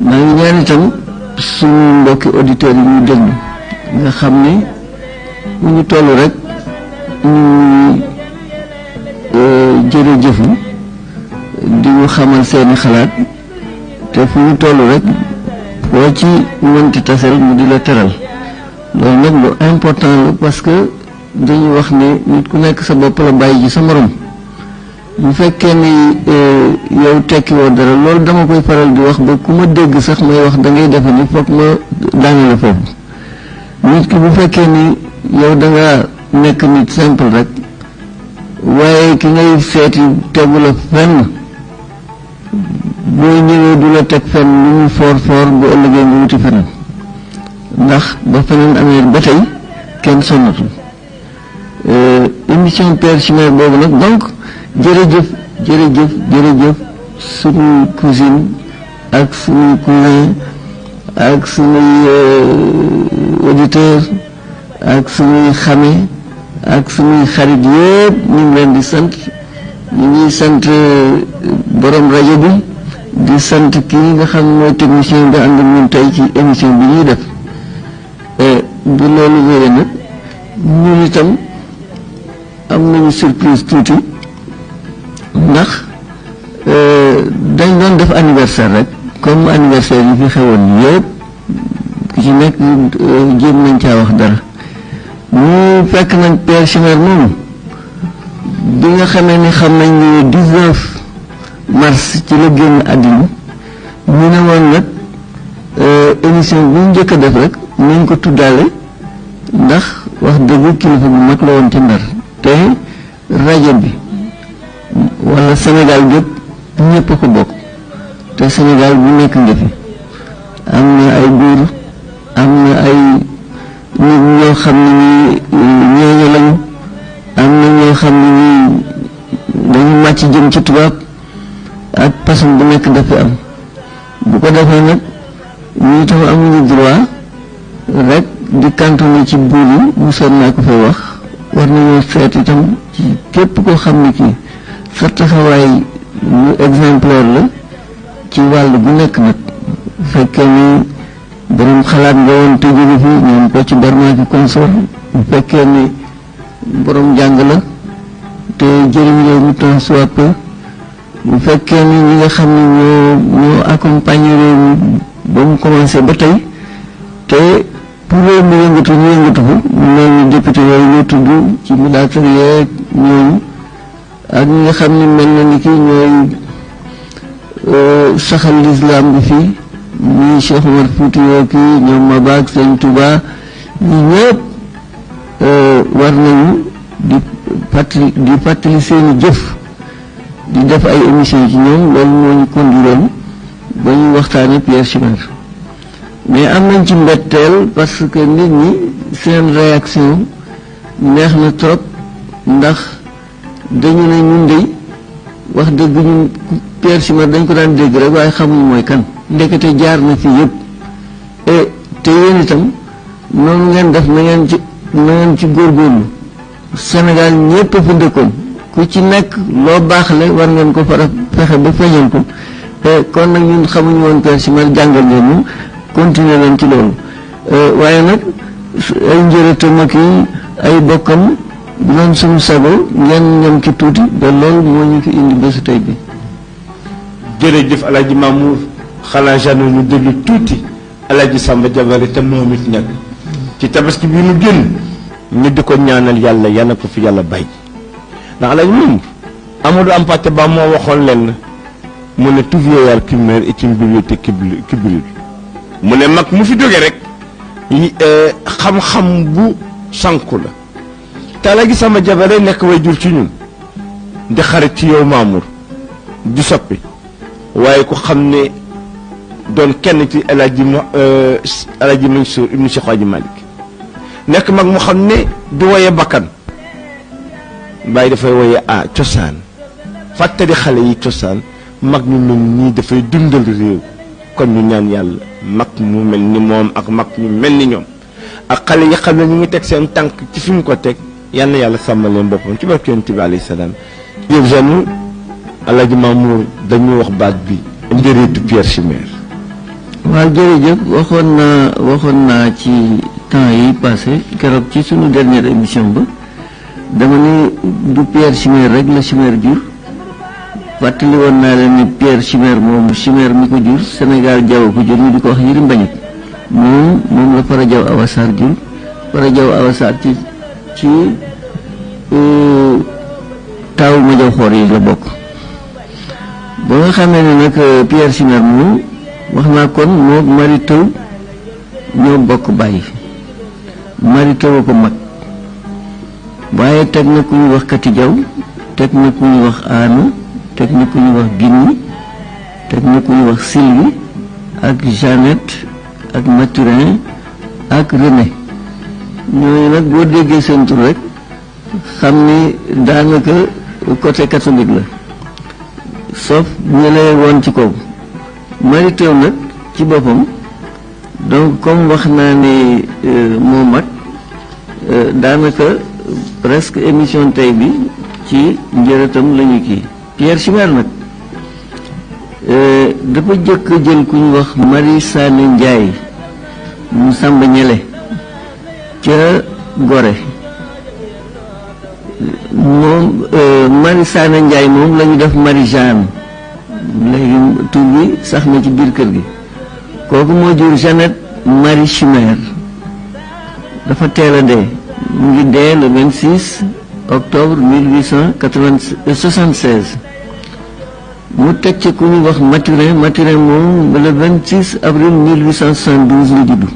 maa ngi ñaan itam suñu mbokki auditeurs yi ñu déglu nga xam ni bu ñu toll rek ñu euh, jërëjëfu di ñu xamal seeni xalaat te fu ñu toll rek boo ci mënti tasel mu di la teral loolu nag lu important la parce que dañuy wax ni nit ku nekk sa bopp la bàyyi ji sa morom bu fekkee ni eh, yow tekki woo dara loolu dama koy faral di wax ba ku ma dégg sax may wax dangay defe ni foog ma daane la foofu nit ki bu fekkee ni yow da nekk nit simple rek waaye ki ngay seeti tegu la fenn boo ñëwee du la teg fenn lu mu foor foor bu ëllëgee nga wuti feneen ndax ba feneen amee ba tey kenn sonnatul eh, émission Père Chimère boobu nag donc jërëjëf jërëjëf jërëjëf suñuy cousine ak suñuy cousin ak suñuy euh, auditeur ak suñuy xame ak suñuy xarit yëpp ñu leen di sant ñu ngi sant euh, borom rajo bi di sant ki kii nga xam mooy technicien bi am ak ñun tey ci émission bi ñuy def euh, bu loolu wéree nag ñun itam am nañu surprise tuuti ndax euh, dañ doon def anniversaire rek comme anniversaire yi fi xewoon yëpp ku ci nekk euh, jéem nañ caa wax dara ñu fekk nañ Pierre Chimère moom bi nga xamee ni xam nañ ni 19 mars ci la génn àddina ñu ne woon nag euh, émission bu ñu njëkk a def rek nañ ko tuddaale ndax wax dëgg kilifa bu mag la woon ci Ndar te rajo bi wala Sénégal gépp ñëpp ko bokk te Sénégal bu nekk nga fi am na ay buur am na ay nit ñoo xam ne ni ñooñu lañu am na ñoo xam ne ni dañu màcc jëm ci tubaab ak façon bu nekk dafa am bu ko defee nag ñuy tax amuñu droit rek di cantonné ci buur yi mu seet naa ko fay wax war nañoo seet itam képp koo xam ne kii sa taxawaay lu exemplaire la ci wàll bu nekk nag fekkee ni borom xalaat nga woon te fi ñoom ko ci bermaa consort bu fekkee ni borom jàng la te jëriñ la mu temps soit bu fekkee ni ñi nga xam ne ñoo ñoo accompagner ba mu commencé ba tey te pour réew mi yëngatu ñu ko mel ni yooyu ñoo tudd ci militaire yeeg ñooñu ak ñi xam ni mel na ni ki ñooy euh, saxal lislaam bi fii ñii Cheikh Omar Foutiyou ki ñoom Mabaak Sëñ Touba ñi ñëpp euh, war nañu di fàttali seeni jëf di def ay émission ci ñoom loolu moo ñu conduiroon ba ñu waxtaane Pierre Chimère mais am nañ ci mbetteel parce que nit ñi seen réaction neex na trop ndax dañu ne ñun dey wax dëgg ñun Pierre dañ ko daan dégg rek waaye xamuñ mooy kan ndekete jaar na fii yëpp e, te yéen itam noonu ngeen def na ngeen ci na ngeen ci góorgóorlu Sénégal ñëpp a fi dëkkoon ku ci nekk loo baaxle war ngeen ko fara fexe ba feeñal ko e, kon nag ñun xamuñu woon Pierre jàngal leen ñu continuer nañ ci loolu e, waaye nag ay njërëtam ak yi ay bokkam ñoom suñu sago ngeen ñam ci tuuti ba loolu moo ñu fi indi bésu tey bi jërëjëf alaaji Mamour xanaa jano ñu déglu tuuti alaaji Samba Jabare te moom it nag ci tabaski bi mu génn ñu di ko ñaanal yàlla yana ko fi yàlla bay ndax alaaji moom Amadou Hampâté Bâ moo waxoon lenn mu ne tout vieillard qui meurt est une bibliothèque qui brûle mu ne mag mu fi jóge rek euh, xam-xam bu sànku la tala gi sama jabaray nekk way jur ci ñun di xarit ci yow Mamour di soppi waaye ku xam ne doon kenn ci El Hadj euh, El Hadj Mansour ibnu Cheikh Hadj Malick nekk mag mu xam ne du woye bakkan bàyyi dafay woye a cosaan fàttali xale yi cosaan mag ñu mel nii dafay dundal réew kon ñu ñaan yàlla mag mu mel ni moom ak mag ñu mel ni ñoom ak xale yi xam ne ñu ngi teg seen tànk ci fi mu ko teg yal yàlla sàmmal leen boppam ci barke yonent bi alayhi salaam yow jeune dañu wax baat bi njëriñu Pierre Chimère waaw jërëjëf waxoon naa waxoon naa ci temps yi passé keroog ci suñu dernière émission ba dama ne du Pierre Chimère rek la Chimère jur fàttali woon naa leen ni Pierre Chimère moom Chimère mi ko jur Sénégal jaww ko jur ñu di ko wax Yérim Mbagnick moom la Fara Diaw Awa jur Fara Diaw Awa ci ci euh, taw Madiakhor yi la bokk ba nga xamee ne nag euh, Pierre Sinar moom wax naa kon moo Mary Teuw ñoo bokk bàyyi Mary Teuw a ko mag waaye teg na ku ñuy wax Kati Jaw teg na ku ñuy wax Aanu teg na ku ñuy wax Ginni teg na ku ñuy wax Sylvie ak Jeannette ak Mathurin ak René ñooñu nag boo déggee seen tur rek xam ni daanaka côté catholique la sauf ñu woon ci kaw Mary-Teuw nag ci boppam donc comme wax naa ni euh, moo mag euh, daanaka presque émission tey bi ci njëratam la ñu kii Pierre Chimère nag euh, dafa jëkk jël ku ñu wax Marie sànni Ndiaye mu Samba Ñele ca gore moom euh, Marie Saana Ndiaye moom lañu def Marie Jeanne léegi tur bi sax na ci biir kër gi kooku moo jur Jeannette Marie Chimère dafa teel a dee mu ngi dee le 26 octobre 1876 mu teg ci ku ñuy wax Mathurin Mathurin moom le 26 avril 1872 la juddu